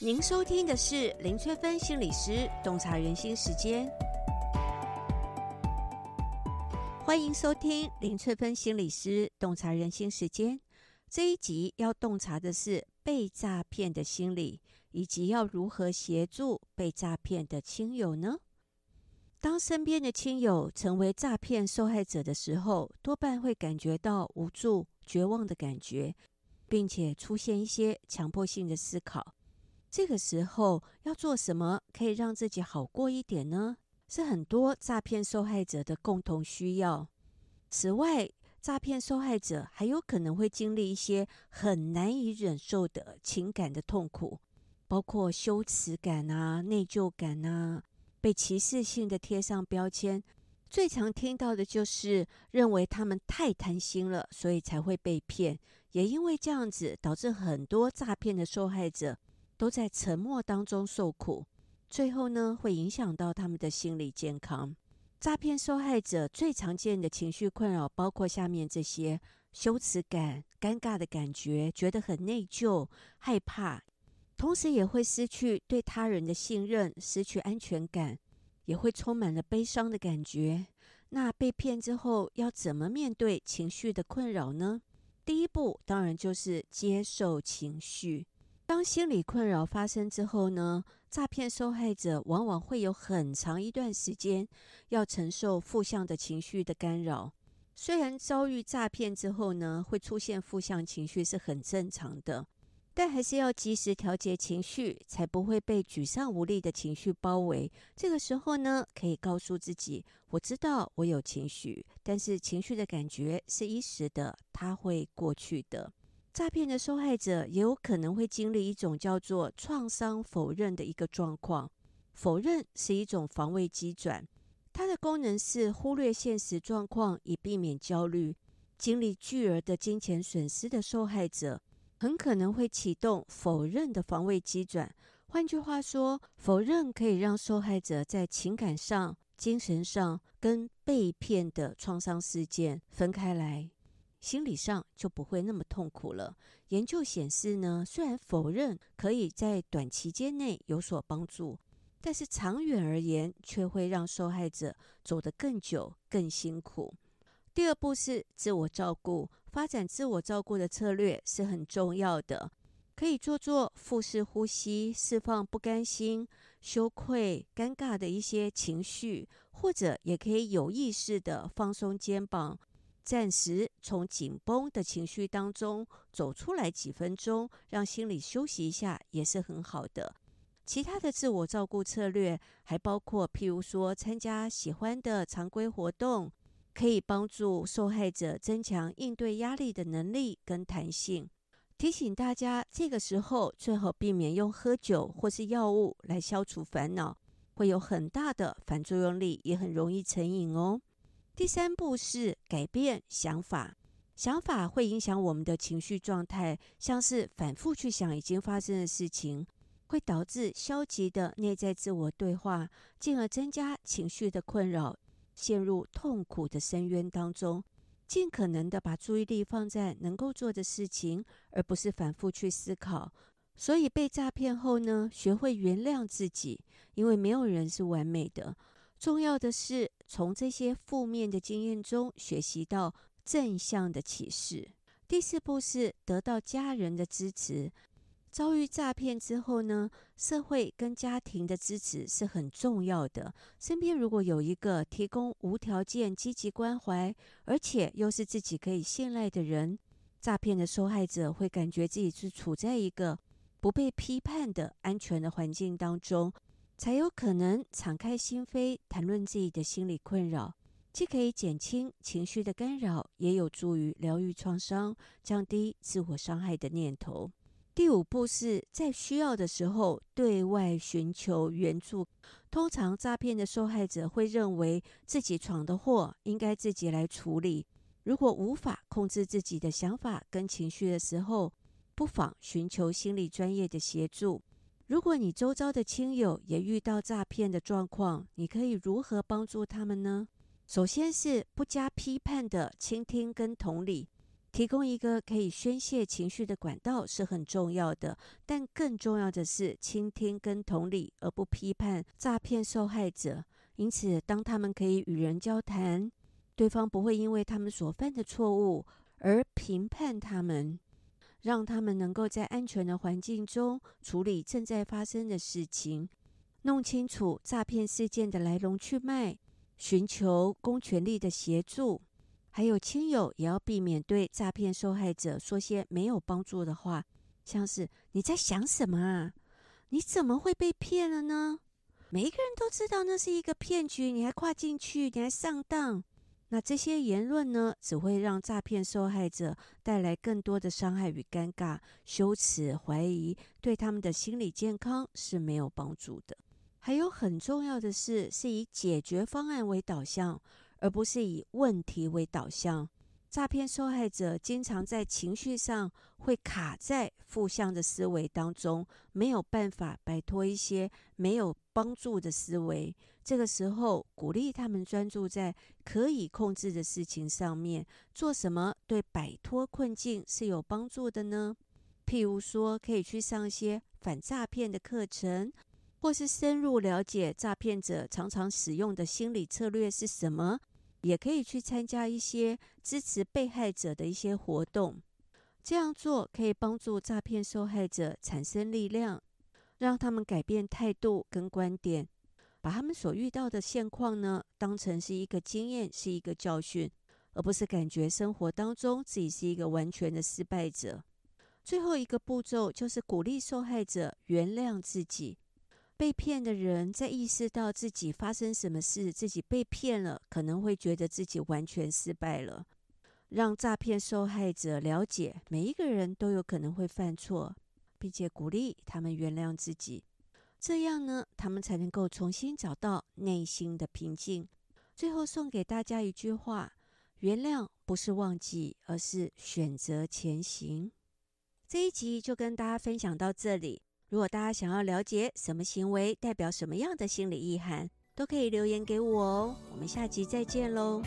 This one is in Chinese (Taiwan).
您收聽的是林萃芬心理師《洞察人心》時間，歡迎收聽林萃芬心理師《洞察人心》時間。這一集要洞察的是被詐騙的心理，以及要如何協助被詐騙的親友呢？當身邊的親友成為詐騙受害者的時候，多半會感覺到無助、絕望的感覺，並且出現一些強迫性的思考。這個時候要做什麼可以讓自己好過一點呢？是很多詐騙受害者的共同需要。此外，詐騙受害者還有可能會經歷一些很難以忍受的情感的痛苦，包括羞恥感啊、內疚感啊、被歧視性的貼上標籤。最常聽到的就是認為他們太貪心了，所以才會被騙。也因為這樣子，導致很多詐騙的受害者。都在沉默當中受苦，最後呢，會影響到他們的心理健康。詐騙受害者最常見的情緒困擾包括下面這些：羞恥感、尷尬的感覺、覺得很內疚、害怕，同時也會失去對他人的信任、失去安全感，也會充滿了悲傷的感覺。那被騙之後要怎麼面對情緒的困擾呢？第一步當然就是接受情緒。當心理困擾發生之後呢，詐騙受害者往往會有很長一段時間要承受負向的情緒的干擾。雖然遭遇詐騙之後呢，會出現負向情緒是很正常的，但還是要及時調節情緒，才不會被沮喪無力的情緒包圍。這個時候呢，可以告訴自己：我知道我有情緒，但是情緒的感覺是一時的，它會過去的。詐騙的受害者也有可能會經歷一種叫做創傷否認的一個狀況。否認是一種防衛機轉，它的功能是忽略現實狀況，以避免焦慮。經歷巨額的金錢損失的受害者，很可能會啟動否認的防衛機轉。換句話說，否認可以讓受害者在情感上、精神上跟被騙的創傷事件分開來。心理上就不會那麼痛苦了。研究顯示呢，雖然否認可以在短期間內有所幫助，但是長遠而言卻會讓受害者走得更久、更辛苦。第二步是自我照顧，發展自我照顧的策略是很重要的。可以做做腹式呼吸，釋放不甘心、羞愧、尷尬的一些情緒，或者也可以有意識地放鬆肩膀。暫時從緊繃的情緒當中走出來幾分鐘，讓心理休息一下也是很好的。其他的自我照顧策略還包括，譬如說參加喜歡的常規活動，可以幫助受害者增強應對壓力的能力跟彈性。提醒大家，這個時候最好避免用喝酒或是藥物來消除煩惱，會有很大的反作用力，也很容易成癮哦。第三步是改變想法，想法會影響我們的情緒狀態，像是反覆去想已經發生的事情，會導致消極的內在自我對話，進而增加情緒的困擾，陷入痛苦的深淵當中。盡可能的把注意力放在能夠做的事情，而不是反覆去思考。所以被詐騙後呢，學會原諒自己，因為沒有人是完美的。重要的是從這些負面的經驗中學習到正向的啟示。第四步是得到家人的支持。遭遇詐騙之後呢，社會跟家庭的支持是很重要的。身邊如果有一個提供無條件積極關懷，而且又是自己可以信賴的人，詐騙的受害者會感覺自己是處在一個不被批判的安全的環境當中。才有可能敞開心扉談論自己的心理困擾，既可以減輕情緒的干擾，也有助於療癒創傷，降低自我傷害的念頭。第五步是在需要的時候對外尋求援助。通常詐騙的受害者會認為自己闖的禍應該自己來處理。如果無法控制自己的想法跟情緒的時候，不妨尋求心理專業的協助。如果你周遭的親友也遇到詐騙的狀況，你可以如何幫助他們呢？首先是不加批判的傾聽跟同理，提供一個可以宣洩情緒的管道是很重要的。但更重要的是傾聽跟同理，而不批判詐騙受害者。因此，當他們可以與人交談，對方不會因為他們所犯的錯誤而評判他們。讓他們能夠在安全的環境中處理正在發生的事情，弄清楚詐騙事件的來龍去脈，尋求公權力的協助，還有親友也要避免對詐騙受害者說些沒有幫助的話，像是“你在想什麼啊？你怎麼會被騙了呢？”每一個人都知道那是一個騙局，你還跨進去，你還上當。那這些言論呢，只會讓詐騙受害者帶來更多的傷害與尷尬、羞恥、懷疑，對他們的心理健康是沒有幫助的。還有很重要的是，是以解決方案為導向，而不是以問題為導向。詐騙受害者經常在情緒上會卡在負向的思維當中，沒有辦法擺脫一些沒有幫助的思維。這個時候，鼓勵他們專注在可以控制的事情上面。做什麼對擺脫困境是有幫助的呢？譬如說，可以去上一些反詐騙的課程，或是深入了解詐騙者常常使用的心理策略是什麼？也可以去參加一些支持被害者的一些活動，這樣做可以幫助詐騙受害者產生力量，讓他們改變態度跟觀點，把他們所遇到的現況呢，當成是一個經驗，是一個教訓，而不是感覺生活當中自己是一個完全的失敗者。最後一個步驟就是鼓勵受害者原諒自己。被騙的人在意識到自己發生什麼事，自己被騙了，可能會覺得自己完全失敗了。讓詐騙受害者了解，每一個人都有可能會犯錯，並且鼓勵他們原諒自己，這樣呢，他們才能夠重新找到內心的平靜。最後送給大家一句話：原諒不是忘記，而是選擇前行。這一集就跟大家分享到這裡。如果大家想要了解什麼行為代表什麼樣的心理意涵，都可以留言給我哦。我們下集再見嘍。